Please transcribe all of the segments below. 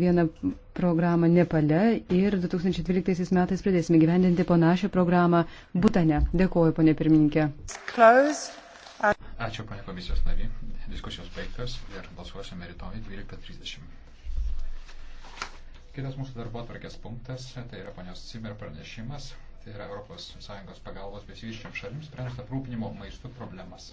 vieną programą Nepale ir 2012 metais pradėsime gyvendinti panašią programą Butane. Dėkuoju, ponė pirmininkė. Ačiū, ponė komisijos nariai. Diskusijos baigtas ir balsuosime rytoj 12.30. Kitas mūsų darbo atvarkės punktas, tai yra ponios Cimer pranešimas, tai yra ES pagalbos besivyščiam šalims sprendžiant aprūpinimo maistų problemas.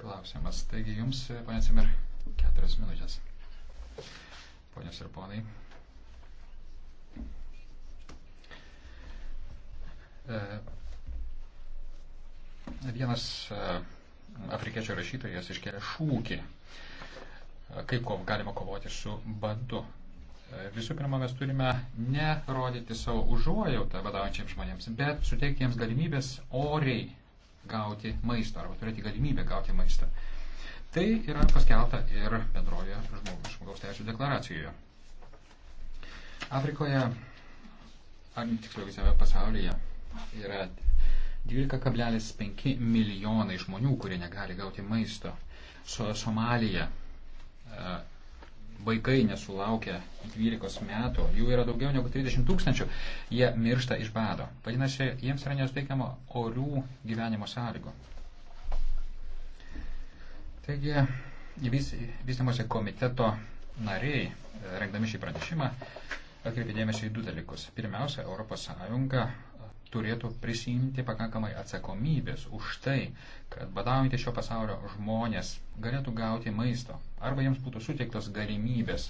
Klausimas. Taigi jums, ponė Cimer, keturias minutės. Ponios ir ponai. E, vienas e, afrikiečių rašytojas iškėlė šūkį, e, kaip galima kovoti su badu. Visų pirma, mes turime nerodyti savo užuojautą vadaujančiams žmonėms, bet suteikti jiems galimybės oriai gauti maisto arba turėti galimybę gauti maistą. Tai yra paskelta ir bendroje žmogaus teisų deklaracijoje. Afrikoje, ar tiksliau visame pasaulyje, yra 12,5 milijonai žmonių, kurie negali gauti maisto. So, Somalija e, vaikai nesulaukia 12 metų, jų yra daugiau negu 30 tūkstančių, jie miršta iš bado. Vadinasi, jiems yra nesuteikiama orių gyvenimo sąlygų. Taigi, vystimosi komiteto nariai, e, rengdami šį pranešimą, atkreipė dėmesį į du dalykus. Pirmiausia, ES e, turėtų prisimti pakankamai atsakomybės už tai, kad badaujantys šio pasaulio žmonės galėtų gauti maisto arba jiems būtų suteiktos galimybės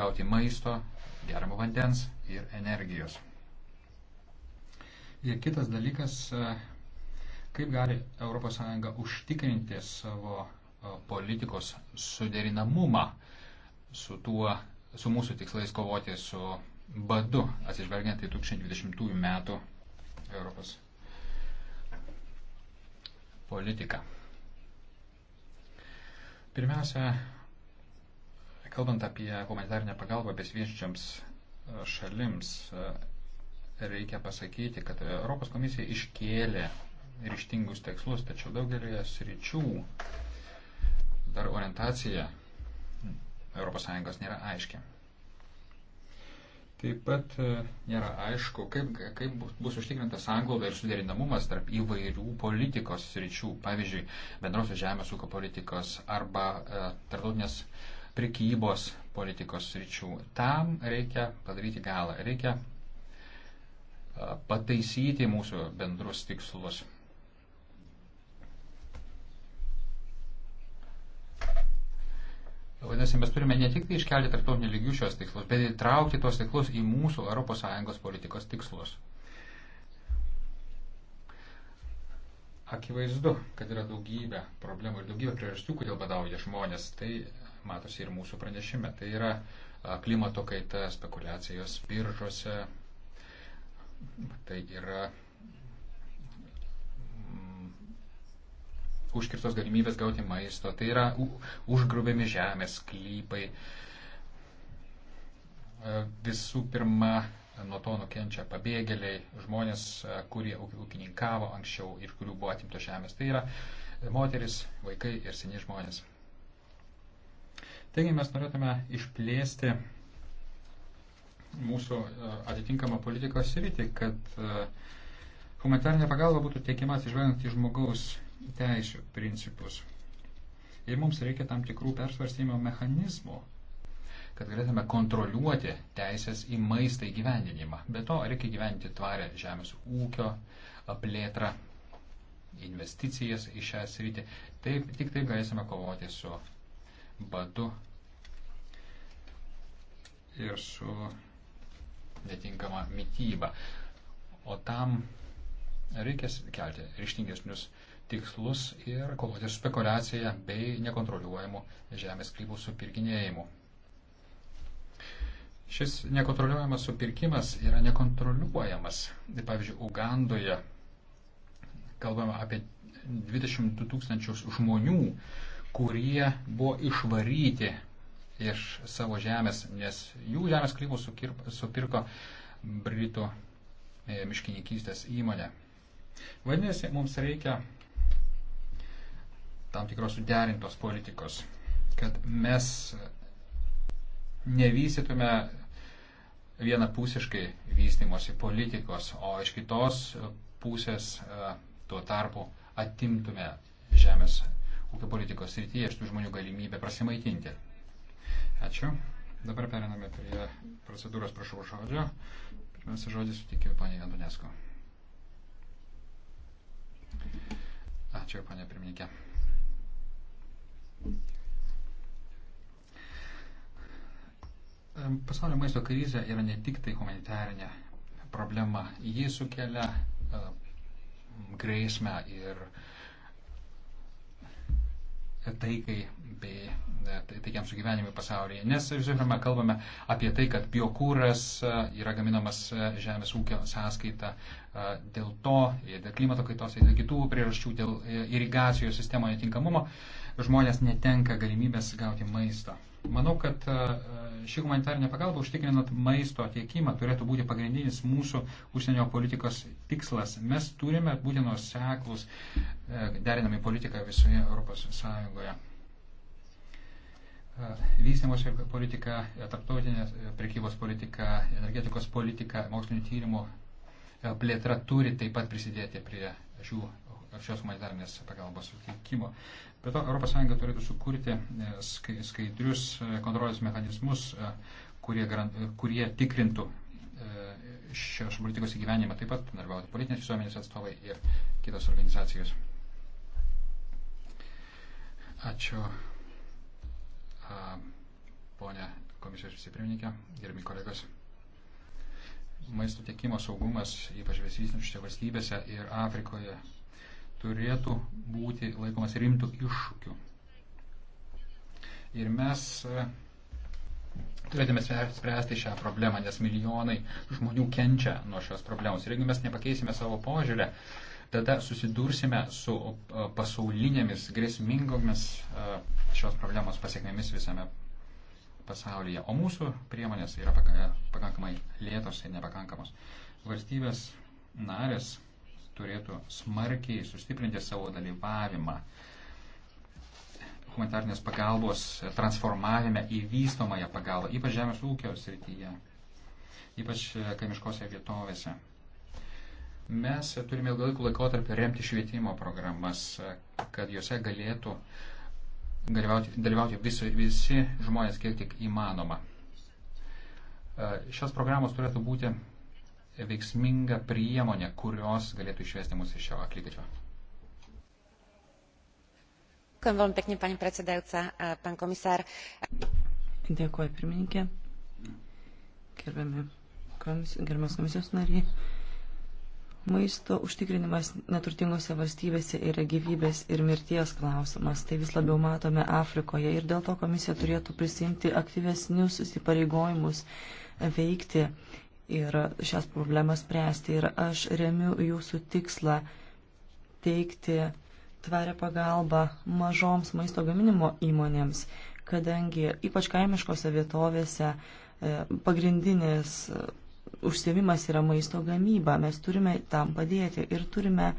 gauti maisto, geriamo vandens ir energijos. Ir kitas dalykas, e, kaip gali ES užtikrinti savo E, politikos suderinamumą su, tuo, su mūsų tikslais kovoti su badu, atsižvelgiant į 2020 metų Europos politiką. Pirmiausia, kalbant apie humanitarinę pagalbą besvieščiams šalims, e, reikia pasakyti, kad Europos komisija iškėlė ryštingus tikslus, tačiau daugelėje sričių dar orientacija ES nėra aiški. Taip pat e, nėra aišku, kaip, kaip bus užtikrinta sąnglauda ir suderinamumas tarp įvairių politikos sričių, pavyzdžiui, bendrosios žemės ūkio politikos arba e, tarptautinės prikybos politikos sričių. Tam reikia padaryti galą, reikia e, pataisyti mūsų bendrus tikslus. Tai vadinasi, mes turime ne tik tai iškelti tarptautinių lygių šios tikslus, bet įtraukti tos tikslus į mūsų ES politikos tikslus. Akivaizdu, kad yra daugybė problemų ir daugybė priežasčių, kodėl badauja žmonės. Tai matosi ir mūsų pranešime. Tai yra klimato kaita, spekulacijos biržose, tai yra užkirtos galimybės gauti maisto, tai yra užgrubėmi žemės klypai. E, visų pirma, nuo to nukenčia pabėgėliai, žmonės, e, kurie ūkininkavo anksčiau ir kurių buvo atimto žemės. Tai yra moteris, vaikai ir seni žmonės. Taigi mes norėtume išplėsti mūsų e, atitinkamą politikos sritį, kad humanitarinė pagalba būtų teikiama atsižvelgiant į žmogaus teisų principus. Ir mums reikia tam tikrų persvarstymo mechanizmų, kad galėtume kontroliuoti teisės į maistą įgyvendinimą. Be to reikia gyventi tvarę žemės ūkio plėtrą, investicijas į šią sritį. Taip, tik taip galėsime kovoti su badu ir su netinkama mytyba. O tam reikės kelti ryštingesnius tikslus ir kovoti su spekulacija bei nekontroliuojamu žemės klybų supirkinėjimu. Šis nekontroliuojamas supirkimas yra nekontroliuojamas. Pavyzdžiui, Ugandoje kalbama apie 22 tūkstančius žmonių, kurie buvo išvaryti iš savo žemės, nes jų žemės klybų supirko Britų e, miškininkystės įmonė. Vadinasi, mums reikia tam tikros suderintos politikos, kad mes nevystytume vienapusiškai vystimosi politikos, o iš kitos pusės e, tuo tarpu atimtume žemės ūkio politikos srityje iš tų žmonių galimybę prasimaitinti. Ačiū. Dabar periname prie procedūros, prašau žodžio. Pirmiausia, žodį sutikiu panė Andonesko. Ačiū, panė pirmininkė. Pasaulio maisto krizė yra ne tik tai humanitarinė problema, ji sukelia e, grėsmę ir uh, taikai bei e, tai taikiam sugyvenimui pasaulyje. Nes, žinoma, kalbame apie tai, kad biokūras e, yra gaminamas e, žemės ūkio sąskaita dėl to, dėl klimato kaitos, dėl kitų priežasčių, dėl irigacijos sistemoje tinkamumo, žmonės netenka galimybės gauti maisto. Manau, kad e, ši humanitarinė pagalba užtikrinant maisto tiekimą turėtų būti pagrindinis mūsų užsienio politikos tikslas. Mes turime būti nuoseklus, e, derinami politiką visoje ES. E, Vystymos politika, tarptautinės prekybos politika, energetikos politika, mokslinio tyrimo plėtra turi taip pat prisidėti prie šių šios humanitarnės pagalbos suteikimo. Be to, ES turėtų sukurti e, skaidrius e, kontrolės mechanizmus, e, kurie, kurie tikrintų šios politikos įgyvenimą, taip pat dalyvauti politinės visuomenės atstovai ir kitos organizacijos. Ačiū, ponė komisijos vicepirmininkė, gerbimi kolegos maisto tiekimo saugumas, ypač besivystančiose valstybėse ir Afrikoje, turėtų būti laikomas rimtų iššūkių. Ir mes e, turėtume spręsti šią problemą, nes milijonai žmonių kenčia nuo šios problemos. Ir jeigu mes nepakeisime savo požiūrę, tada susidursime su e, pasaulinėmis grėsmingomis e, šios problemos pasiekmėmis visame pasaulyje. O mūsų priemonės yra pakankamai lėtos ir nepakankamos. Valstybės narės turėtų smarkiai sustiprinti savo dalyvavimą humanitarnės pagalbos transformavime į vystomąją pagalbą, ypač žemės ūkio srityje, ypač e, kaimiškose vietovėse. Mes turime ilgalaikų laikotarpį remti švietimo programas, e, kad juose galėtų dalyvauti, dalyvauti visi, visi žmonės kiek tik įmanoma. E, šios programos turėtų būti veiksminga priemonė, kurios galėtų išvesti mus iš šio aklygatvio. Ďakujem veľmi pekne, pani predsedajúca, pán komisár. Dėkuoju, pirmininkė. Gerbiami komis, gerbiamas komisijos nariai. Maisto užtikrinimas neturtingose valstybėse yra gyvybės ir mirties klausimas. Tai vis labiau matome Afrikoje ir dėl to komisija turėtų prisimti aktyvesnius įsipareigojimus veikti ir šias problemas spręsti. Ir aš remiu jūsų tikslą teikti tvarę pagalbą mažoms maisto gaminimo įmonėms, kadangi ypač kaimiškose vietovėse e, pagrindinis e, užsiemimas yra maisto gamyba. Mes turime tam padėti ir turime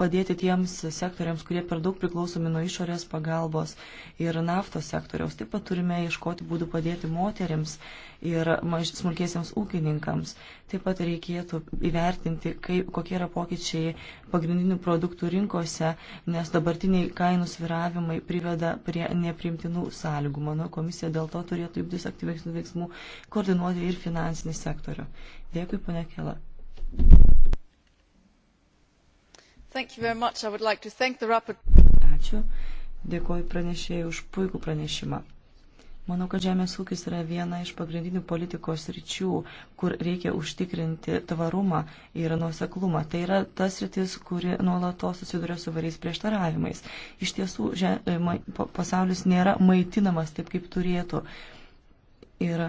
padėti tiems sektoriams, kurie per daug priklausomi nuo išorės pagalbos ir naftos sektoriaus. Taip pat turime ieškoti būdų padėti moteriams ir smulkėsiams ūkininkams. Taip pat reikėtų įvertinti, kaip, kokie yra pokyčiai pagrindinių produktų rinkose, nes dabartiniai kainų sviravimai priveda prie neprimtinų sąlygų. Manau, komisija dėl to turėtų imtis aktyvesnių veiksmų, koordinuoti ir finansinį sektorių. Dėkui, pane Kela. Thank you. Like Ačiū. Dėkoju pranešėjai už puikų pranešimą. Manau, kad žemės ūkis yra viena iš pagrindinių politikos ryčių, kur reikia užtikrinti tvarumą ir nuoseklumą. Tai yra tas rytis, kuri nuolatos susiduria su variais prieštaravimais. Iš tiesų, žem, e, pasaulis nėra maitinamas taip, kaip turėtų. Ir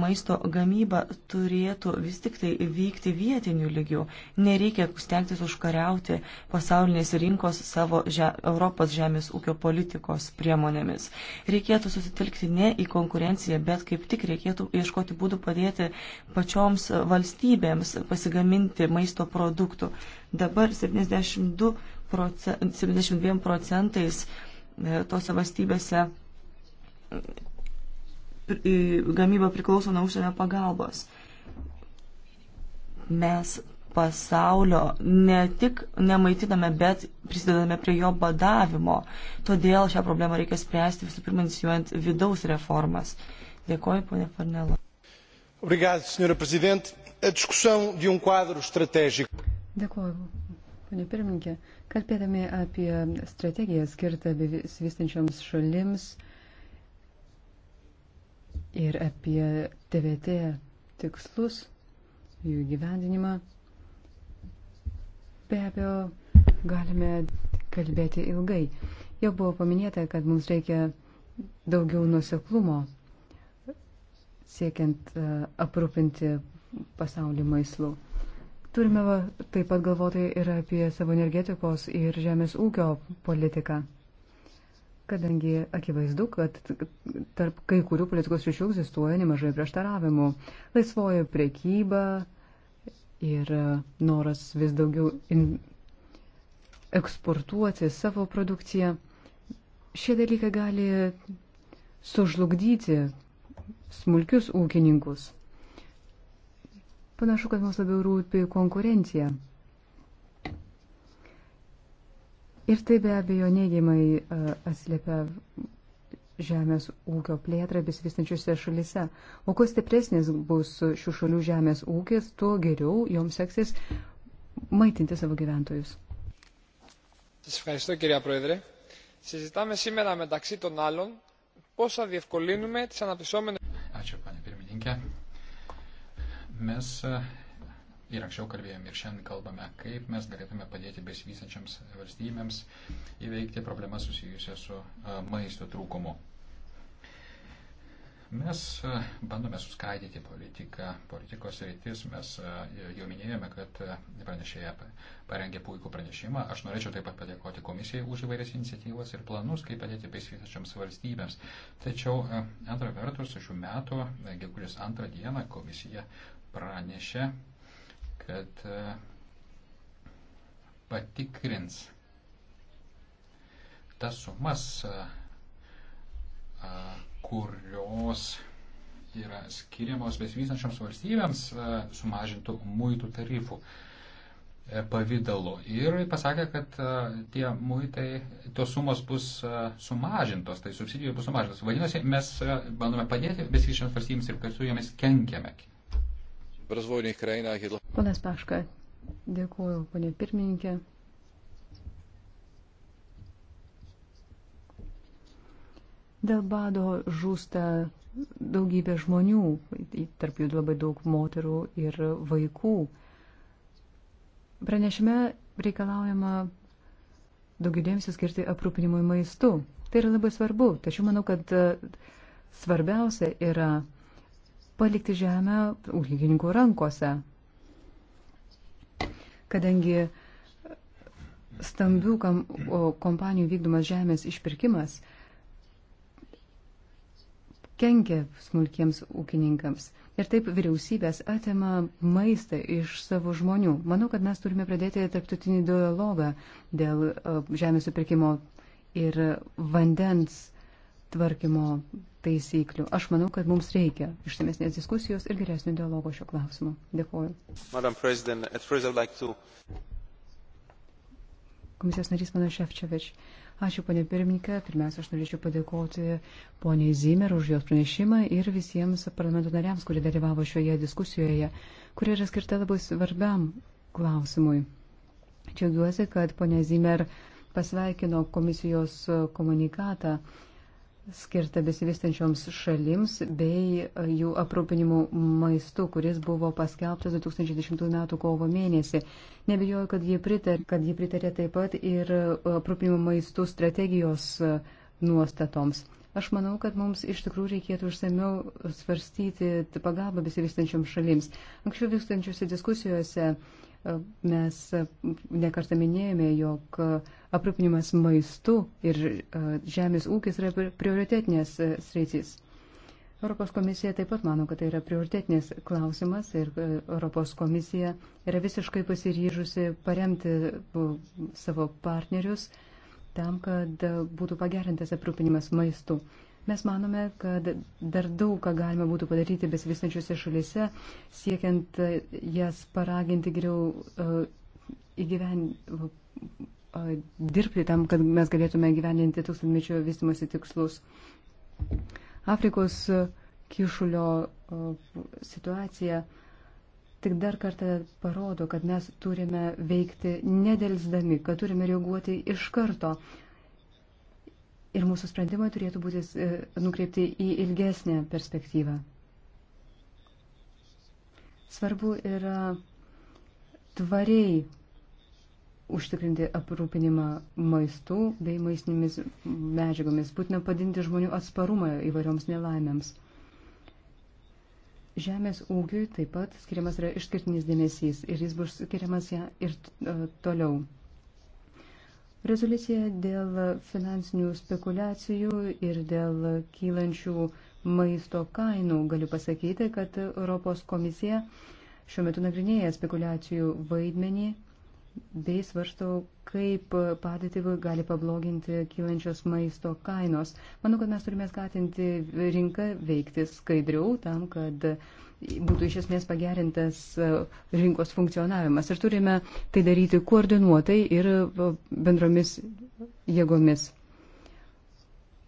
maisto gamyba turėtų vis tik tai vykti vietiniu lygiu. Nereikia stengtis užkariauti pasaulinės rinkos savo že Europos žemės ūkio politikos priemonėmis. Reikėtų susitelkti ne į konkurenciją, bet kaip tik reikėtų ieškoti būdų padėti pačioms valstybėms pasigaminti maisto produktų. Dabar 72 procent, 72 procentais e, tose valstybėse gamyba priklauso nuo užsienio pagalbos. Mes pasaulio ne tik nemaitiname, bet prisidedame prie jo badavimo. Todėl šią problemą reikia spręsti visų pirma inicijuojant vidaus reformas. Dėkoju, ponė Farnelo. Obrigado, senhora Presidente. A discussão de um quadro estratégico. Dėkoju, ponė pirmininkė. Kalbėdami apie strategiją skirtą besivystančioms šalims, uh, ir apie TVT tikslus, jų gyvendinimą. Be abejo, galime kalbėti ilgai. Jau buvo paminėta, kad mums reikia daugiau nuseklumo, siekiant e, aprūpinti pasaulį maislų. Turime taip pat galvoti ir apie savo energetikos ir žemės ūkio politiką kadangi akivaizdu, kad tarp kai kurių politikos ryšių egzistuoja nemažai prieštaravimų. Laisvoji priekyba ir noras vis daugiau in, eksportuoti savo produkciją. Šie dalykai gali sužlugdyti smulkius ūkininkus. Panašu, kad mums labiau rūpi konkurencija Ir tai be abejo neigiamai e, atsiliepia žemės ūkio plėtrą besivystančiuose šalise. O kuo stipresnis bus šių šalių žemės ūkis, tuo geriau joms seksis maitinti savo gyventojus. Ευχαριστώ κυρία Πρόεδρε. Συζητάμε σήμερα μεταξύ των άλλων πώς θα διευκολύνουμε τις αναπτυσσόμενες... Ačiū, panė pirmininkė. Mes ir anksčiau kalbėjom ir šiandien kalbame, kaip mes galėtume padėti besivysančiams valstybėms įveikti problemas susijusias su maisto trūkumu. Mes bandome suskaidyti politiką, politikos rytis, mes jau minėjome, kad pranešėja parengė puikų pranešimą. Aš norėčiau taip pat padėkoti komisijai už įvairias iniciatyvas ir planus, kaip padėti besivystačiams valstybėms. Tačiau antra vertus, šių metų, gegužės antrą dieną komisija pranešė kad e, patikrins tas sumas, e, e, kurios yra skiriamos besivystančioms valstybėms sumažintų muitų tarifų pavydalu. Ir pasakė, kad tie muitai, tos sumos bus sumažintos, tai subsidijos bus sumažintos. Vadinasi, mes bandome padėti besivystančioms valstybėms ir kartu jomis kenkiame v rozvojných krajinách je dlho... Ponas Paška, dėkuoju, ponė pirmininkė. Dėl bado žūsta daugybė žmonių, tarp jų labai daug moterų ir vaikų. Pranešime reikalaujama daugiau dėmesio skirti aprūpinimui maistu. Tai yra labai svarbu, tačiau manau, kad e, svarbiausia yra palikti žemę ūkininkų rankose, kadangi stambių kam, kompanijų vykdomas žemės išpirkimas kenkia smulkiems ūkininkams. Ir taip vyriausybės atima maistą iš savo žmonių. Manau, kad mes turime pradėti tarptautinį dialogą dėl žemės supirkimo ir vandens tvarkymo taisyklių. Aš manau, kad mums reikia išsamesnės diskusijos ir geresnio dialogo šio klausimu. Dėkuoju. Like to... Komisijos narys mano Šefčevič. Ačiū, ponė pirmininkė. Pirmiausia, aš norėčiau padėkoti poniai Zimer už jos pranešimą ir visiems parlamento nariams, kurie dalyvavo šioje diskusijoje, kuri yra skirta labai svarbiam klausimui. Džiaugiuosi, kad ponė Zimer pasveikino komisijos komunikatą skirta besivystančioms šalims bei e, jų aprūpinimu maistu, kuris buvo paskelbtas 2010 m. kovo mėnesį. Nebijoju, kad jie pritarė, kad jie pritarė taip pat ir e, aprūpinimo maistu strategijos e, nuostatoms. Aš manau, kad mums iš tikrųjų reikėtų išsamiau svarstyti pagalbą besivystančioms šalims. Anksčiau vykstančiose diskusijose e, mes e, nekartą minėjome, jog e, aprūpinimas maistu ir žemės ūkis yra prioritetinės sritys. Europos komisija taip pat mano, kad tai yra prioritetinis klausimas ir Europos komisija yra visiškai pasiryžusi paremti savo partnerius uh, tam, kad būtų pagerintas aprūpinimas maistu. Mes manome, kad dar daug ką galima būtų padaryti besivystančiose šalise, siekiant e, jas paraginti geriau uh, įgyven, uh, dirbti tam, kad mes galėtume gyveninti tūkstantmečio vystimosi tikslus. Afrikos kišulio uh, situacija uh, tik dar kartą parodo, kad mes turime veikti nedelsdami, kad turime reaguoti iš karto. Ir mūsų sprendimai turėtų būti e, nukreipti į ilgesnę perspektyvą. Svarbu yra tvariai užtikrinti aprūpinimą maistu bei maistinėmis medžiagomis, būtina padinti žmonių atsparumą įvairioms nelaimėms. Žemės ūkiui taip pat skiriamas yra išskirtinis dėmesys ir jis bus skiriamas ją ir e, toliau. Rezoliucija dėl finansinių spekulacijų ir dėl kylančių maisto kainų galiu pasakyti, kad Europos komisija šiuo metu nagrinėja spekulacijų vaidmenį bei svarsto, kaip padėtį gali pabloginti kylančios maisto kainos. Manau, kad mes turime skatinti rinką veikti skaidriau tam, kad būtų iš esmės pagerintas rinkos funkcionavimas. Ir turime tai daryti koordinuotai ir bendromis jėgomis.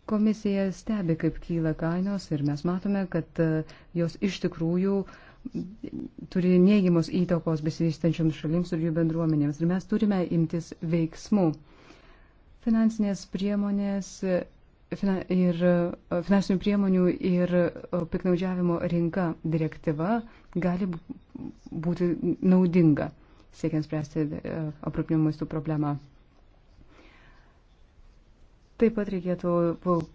Komisija stebi, kaip kyla kainos ir mes matome, kad jos iš tikrųjų uh, turi neigiamos įtakos besivystančioms šalims ir jų bendruomenėms. Ir mes turime imtis veiksmų. Finansinės priemonės fina, ir finansinių priemonių ir piknaudžiavimo rinka direktyva gali būti naudinga, siekiant spręsti e, aprūpinimo maistų problemą. Taip pat reikėtų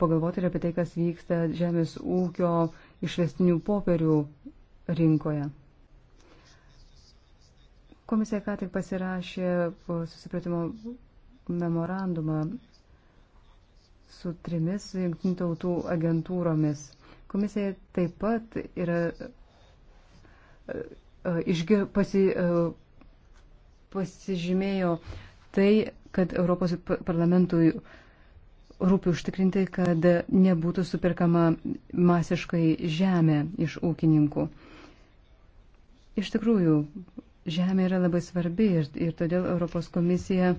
pagalvoti ir apie tai, kas vyksta žemės ūkio išvestinių popierių rinkoje. Komisija ką tik pasirašė susipratimo memorandumą su trimis jungtinių tautų agentūromis. Komisija taip pat yra e, e, išgir, pasi, e, pasižymėjo tai, kad Europos parlamentui rūpi užtikrinti, kad nebūtų superkama masiškai žemė iš ūkininkų. Iš tikrųjų, žemė yra labai svarbi ir, ir todėl Europos komisija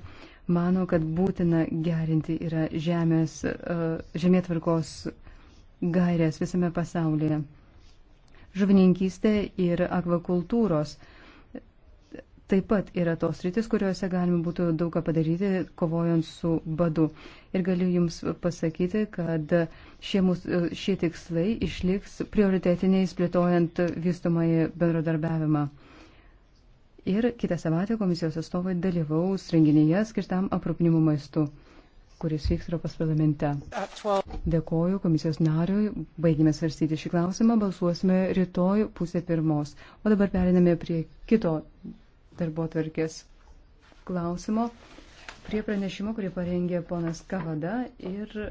mano, kad būtina gerinti yra žemės, e, žemėtvarkos gairės visame pasaulyje. Žuvininkystė ir akvakultūros taip pat yra tos rytis, kuriuose galima būtų daugą padaryti, kovojant su badu. Ir galiu Jums pasakyti, kad šie, mus, šie tikslai išliks prioritetiniais plėtojant vystomąjį bendradarbiavimą. Ir kitą savaitę komisijos atstovai dalyvaus renginyje skirtam aprūpinimu maistu kuris vyks Europos parlamente. Dėkoju komisijos nariui, baigime svarstyti šį klausimą, balsuosime rytoj pusė pirmos. O dabar periname prie kito darbo tvarkės klausimo prie pranešimo, kurį parengė ponas Kavada ir